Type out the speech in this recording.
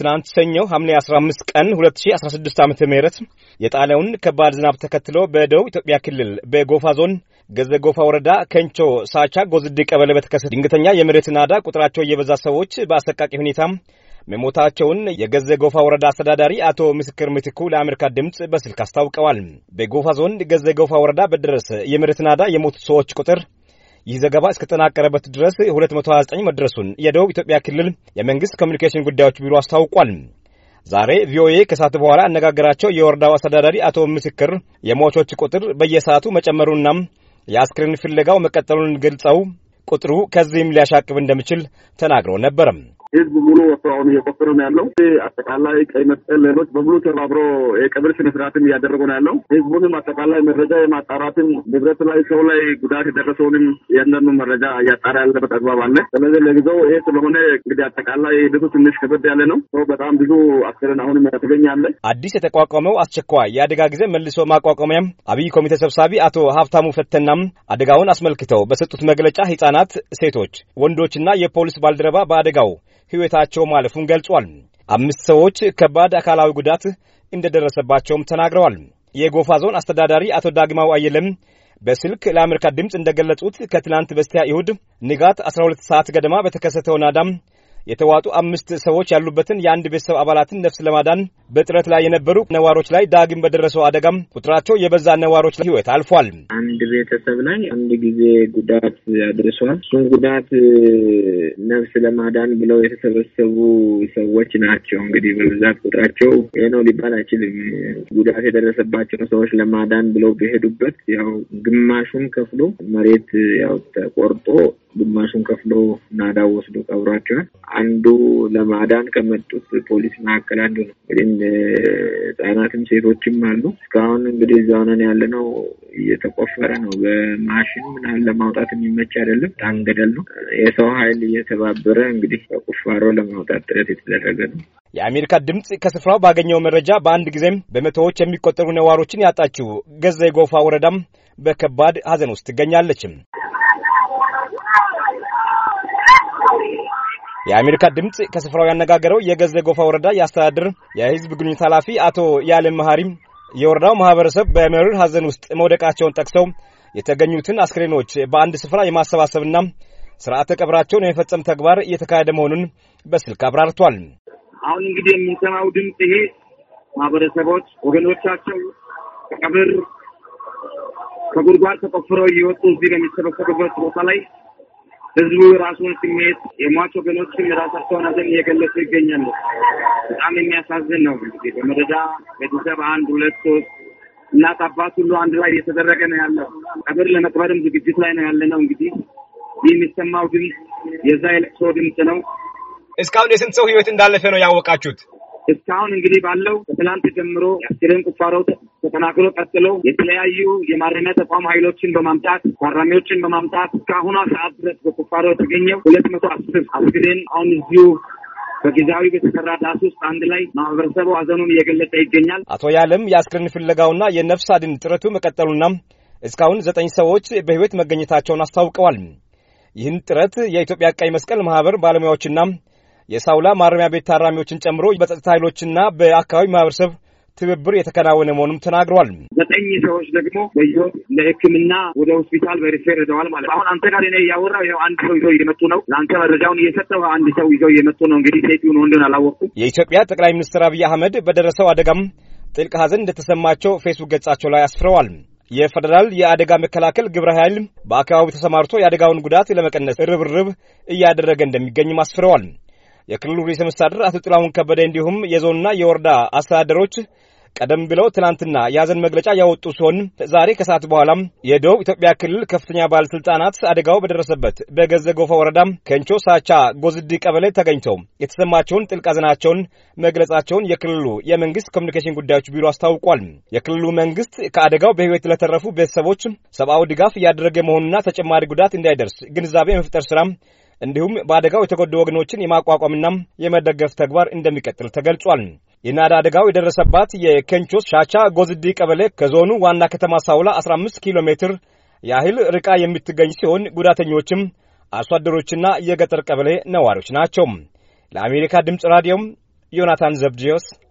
ትናንት ሰኞ ሐምሌ 15 ቀን 2016 ዓ ም የጣለውን ከባድ ዝናብ ተከትሎ በደቡብ ኢትዮጵያ ክልል በጎፋ ዞን ገዘ ጎፋ ወረዳ ከንቾ ሳቻ ጎዝድ ቀበሌ በተከሰተ ድንገተኛ የመሬት ናዳ ቁጥራቸው የበዛ ሰዎች በአሰቃቂ ሁኔታ መሞታቸውን የገዘ ጎፋ ወረዳ አስተዳዳሪ አቶ ምስክር ምትኩ ለአሜሪካ ድምፅ በስልክ አስታውቀዋል። በጎፋ ዞን ገዘ ጎፋ ወረዳ በደረሰ የመሬት ናዳ የሞቱ ሰዎች ቁጥር ይህ ዘገባ እስከተጠናቀረበት ድረስ 229 መድረሱን የደቡብ ኢትዮጵያ ክልል የመንግስት ኮሚኒኬሽን ጉዳዮች ቢሮ አስታውቋል። ዛሬ ቪኦኤ ከሰዓት በኋላ አነጋገራቸው የወረዳው አስተዳዳሪ አቶ ምስክር የሟቾች ቁጥር በየሰዓቱ መጨመሩና የአስክሬን ፍለጋው መቀጠሉን ገልጸው ቁጥሩ ከዚህም ሊያሻቅብ እንደሚችል ተናግረው ነበረም። ህዝብ ሙሉ ወስዋውን እየቆፈረ ነው ያለው። አጠቃላይ ቀይ መስቀል፣ ሌሎች በሙሉ ተባብሮ የቀብር ስነስርዓትም እያደረጉ ነው ያለው። ህዝቡንም አጠቃላይ መረጃ የማጣራትም ንብረት ላይ ሰው ላይ ጉዳት የደረሰውንም ያንዳንዱ መረጃ እያጣራ ያለበት አግባብ አለ። ስለዚህ ለጊዜው ይሄ ስለሆነ እንግዲህ አጠቃላይ ሂደቱ ትንሽ ከበድ ያለ ነው። ሰው በጣም ብዙ አስከሬን አሁንም ትገኛለ። አዲስ የተቋቋመው አስቸኳይ የአደጋ ጊዜ መልሶ ማቋቋሚያም አብይ ኮሚቴ ሰብሳቢ አቶ ሀብታሙ ፈተናም አደጋውን አስመልክተው በሰጡት መግለጫ ህጻናት፣ ሴቶች፣ ወንዶችና የፖሊስ ባልደረባ በአደጋው ሕይወታቸው ማለፉን ገልጿል። አምስት ሰዎች ከባድ አካላዊ ጉዳት እንደደረሰባቸውም ተናግረዋል። የጎፋ ዞን አስተዳዳሪ አቶ ዳግማው አየለም በስልክ ለአሜሪካ ድምፅ እንደገለጹት ከትናንት በስቲያ ይሁድ ንጋት 12 ሰዓት ገደማ በተከሰተው ናዳም የተዋጡ አምስት ሰዎች ያሉበትን የአንድ ቤተሰብ አባላትን ነፍስ ለማዳን በጥረት ላይ የነበሩ ነዋሪዎች ላይ ዳግም በደረሰው አደጋም ቁጥራቸው የበዛ ነዋሪዎች ላይ ህይወት አልፏል። አንድ ቤተሰብ ላይ አንድ ጊዜ ጉዳት አድርሷል። እሱም ጉዳት ነፍስ ለማዳን ብለው የተሰበሰቡ ሰዎች ናቸው። እንግዲህ በብዛት ቁጥራቸው ይህ ነው ሊባል አይችልም። ጉዳት የደረሰባቸው ሰዎች ለማዳን ብለው በሄዱበት ያው ግማሹን ከፍሎ መሬት ያው ተቆርጦ ግማሹን ከፍሎ ናዳ ወስዶ ቀብሯቸዋል። አንዱ ለማዳን ከመጡት ፖሊስ መካከል አንዱ ነው እንግዲህ ህጻናትም ሴቶችም አሉ። እስካሁን እንግዲህ እዛው ያለ ነው። እየተቆፈረ ነው በማሽን ምናምን ለማውጣት የሚመች አይደለም። በጣም ገደል ነው። የሰው ኃይል እየተባበረ እንግዲህ በቁፋሮ ለማውጣት ጥረት የተደረገ ነው። የአሜሪካ ድምፅ ከስፍራው ባገኘው መረጃ በአንድ ጊዜም በመቶዎች የሚቆጠሩ ነዋሪዎችን ያጣችው ገዛ የጎፋ ወረዳም በከባድ ሀዘን ውስጥ ትገኛለችም። የአሜሪካ ድምፅ ከስፍራው ያነጋገረው የገዜ ጎፋ ወረዳ የአስተዳደር የህዝብ ግንኙነት ኃላፊ አቶ ያለም መሀሪም የወረዳው ማህበረሰብ በመሪር ሀዘን ውስጥ መውደቃቸውን ጠቅሰው የተገኙትን አስክሬኖች በአንድ ስፍራ የማሰባሰብና ስርዓተ ቀብራቸውን የመፈጸም ተግባር እየተካሄደ መሆኑን በስልክ አብራርቷል። አሁን እንግዲህ የምንሰማው ድምፅ ይሄ ማህበረሰቦች ወገኖቻቸው ከቀብር ከጉድጓድ ተቆፍረው እየወጡ እዚህ በሚሰበሰቡበት ቦታ ላይ ህዝቡ የራሱን ስሜት የሟች ወገኖችም የራሳቸውን ሐዘን እየገለጹ ይገኛሉ። በጣም የሚያሳዝን ነው። እንግዲህ በመረጃ ቤተሰብ አንድ ሁለት ሶስት እናት አባት ሁሉ አንድ ላይ እየተደረገ ነው ያለው። ቀብር ለመቅበርም ዝግጅት ላይ ነው ያለ ነው። እንግዲህ ይህ የሚሰማው ድምፅ የዛ የለቅሶ ድምፅ ነው። እስካሁን የስንት ሰው ህይወት እንዳለፈ ነው ያወቃችሁት? እስካሁን እንግዲህ ባለው ከትላንት ጀምሮ የአስክሬን ቁፋሮ ተጠናክሎ ቀጥሎ የተለያዩ የማረሚያ ተቋም ኃይሎችን በማምጣት ታራሚዎችን በማምጣት እስካሁኗ ሰዓት ድረስ በቁፋሮ የተገኘው ሁለት መቶ አስር አስክሬን አሁን እዚሁ በጊዜያዊ በተሰራ ዳስ ውስጥ አንድ ላይ ማህበረሰቡ ሀዘኑን እየገለጸ ይገኛል። አቶ ያለም የአስክሬን ፍለጋውና የነፍስ አድን ጥረቱ መቀጠሉና እስካሁን ዘጠኝ ሰዎች በህይወት መገኘታቸውን አስታውቀዋል። ይህን ጥረት የኢትዮጵያ ቀይ መስቀል ማህበር ባለሙያዎችና የሳውላ ማረሚያ ቤት ታራሚዎችን ጨምሮ በጸጥታ ኃይሎችና በአካባቢ ማህበረሰብ ትብብር የተከናወነ መሆኑም ተናግሯል። ዘጠኝ ሰዎች ደግሞ በዮ ለሕክምና ወደ ሆስፒታል በሪፌር ሄደዋል ማለት አሁን አንተ ጋር እኔ እያወራሁ ይኸው አንድ ሰው ይዘው እየመጡ ነው። ለአንተ መረጃውን እየሰጠው አንድ ሰው ይዘው እየመጡ ነው። እንግዲህ ሴቲውን ወንድን አላወቅኩም። የኢትዮጵያ ጠቅላይ ሚኒስትር አብይ አህመድ በደረሰው አደጋም ጥልቅ ሐዘን እንደተሰማቸው ፌስቡክ ገጻቸው ላይ አስፍረዋል። የፌዴራል የአደጋ መከላከል ግብረ ኃይል በአካባቢው ተሰማርቶ የአደጋውን ጉዳት ለመቀነስ ርብርብ እያደረገ እንደሚገኝም አስፍረዋል። የክልሉ ርዕሰ መስተዳድር አቶ ጥላሁን ከበደ እንዲሁም የዞንና የወረዳ አስተዳደሮች ቀደም ብለው ትናንትና የሀዘን መግለጫ ያወጡ ሲሆን ዛሬ ከሰዓት በኋላም የደቡብ ኢትዮጵያ ክልል ከፍተኛ ባለስልጣናት አደጋው በደረሰበት በገዘ ጎፋ ወረዳ ከንቾ ሳቻ ጎዝዲ ቀበሌ ተገኝተው የተሰማቸውን ጥልቅ ሐዘናቸውን መግለጻቸውን የክልሉ የመንግስት ኮሚኒኬሽን ጉዳዮች ቢሮ አስታውቋል። የክልሉ መንግስት ከአደጋው በህይወት ለተረፉ ቤተሰቦች ሰብአዊ ድጋፍ እያደረገ መሆኑና ተጨማሪ ጉዳት እንዳይደርስ ግንዛቤ የመፍጠር ስራ እንዲሁም በአደጋው የተጎዱ ወገኖችን የማቋቋምና የመደገፍ ተግባር እንደሚቀጥል ተገልጿል። የናዳ አደጋው የደረሰባት የኬንቾስ ሻቻ ጎዝዲ ቀበሌ ከዞኑ ዋና ከተማ ሳውላ 15 ኪሎ ሜትር ያህል ርቃ የምትገኝ ሲሆን ጉዳተኞችም አርሶ አደሮችና የገጠር ቀበሌ ነዋሪዎች ናቸው። ለአሜሪካ ድምፅ ራዲዮም ዮናታን ዘብድዮስ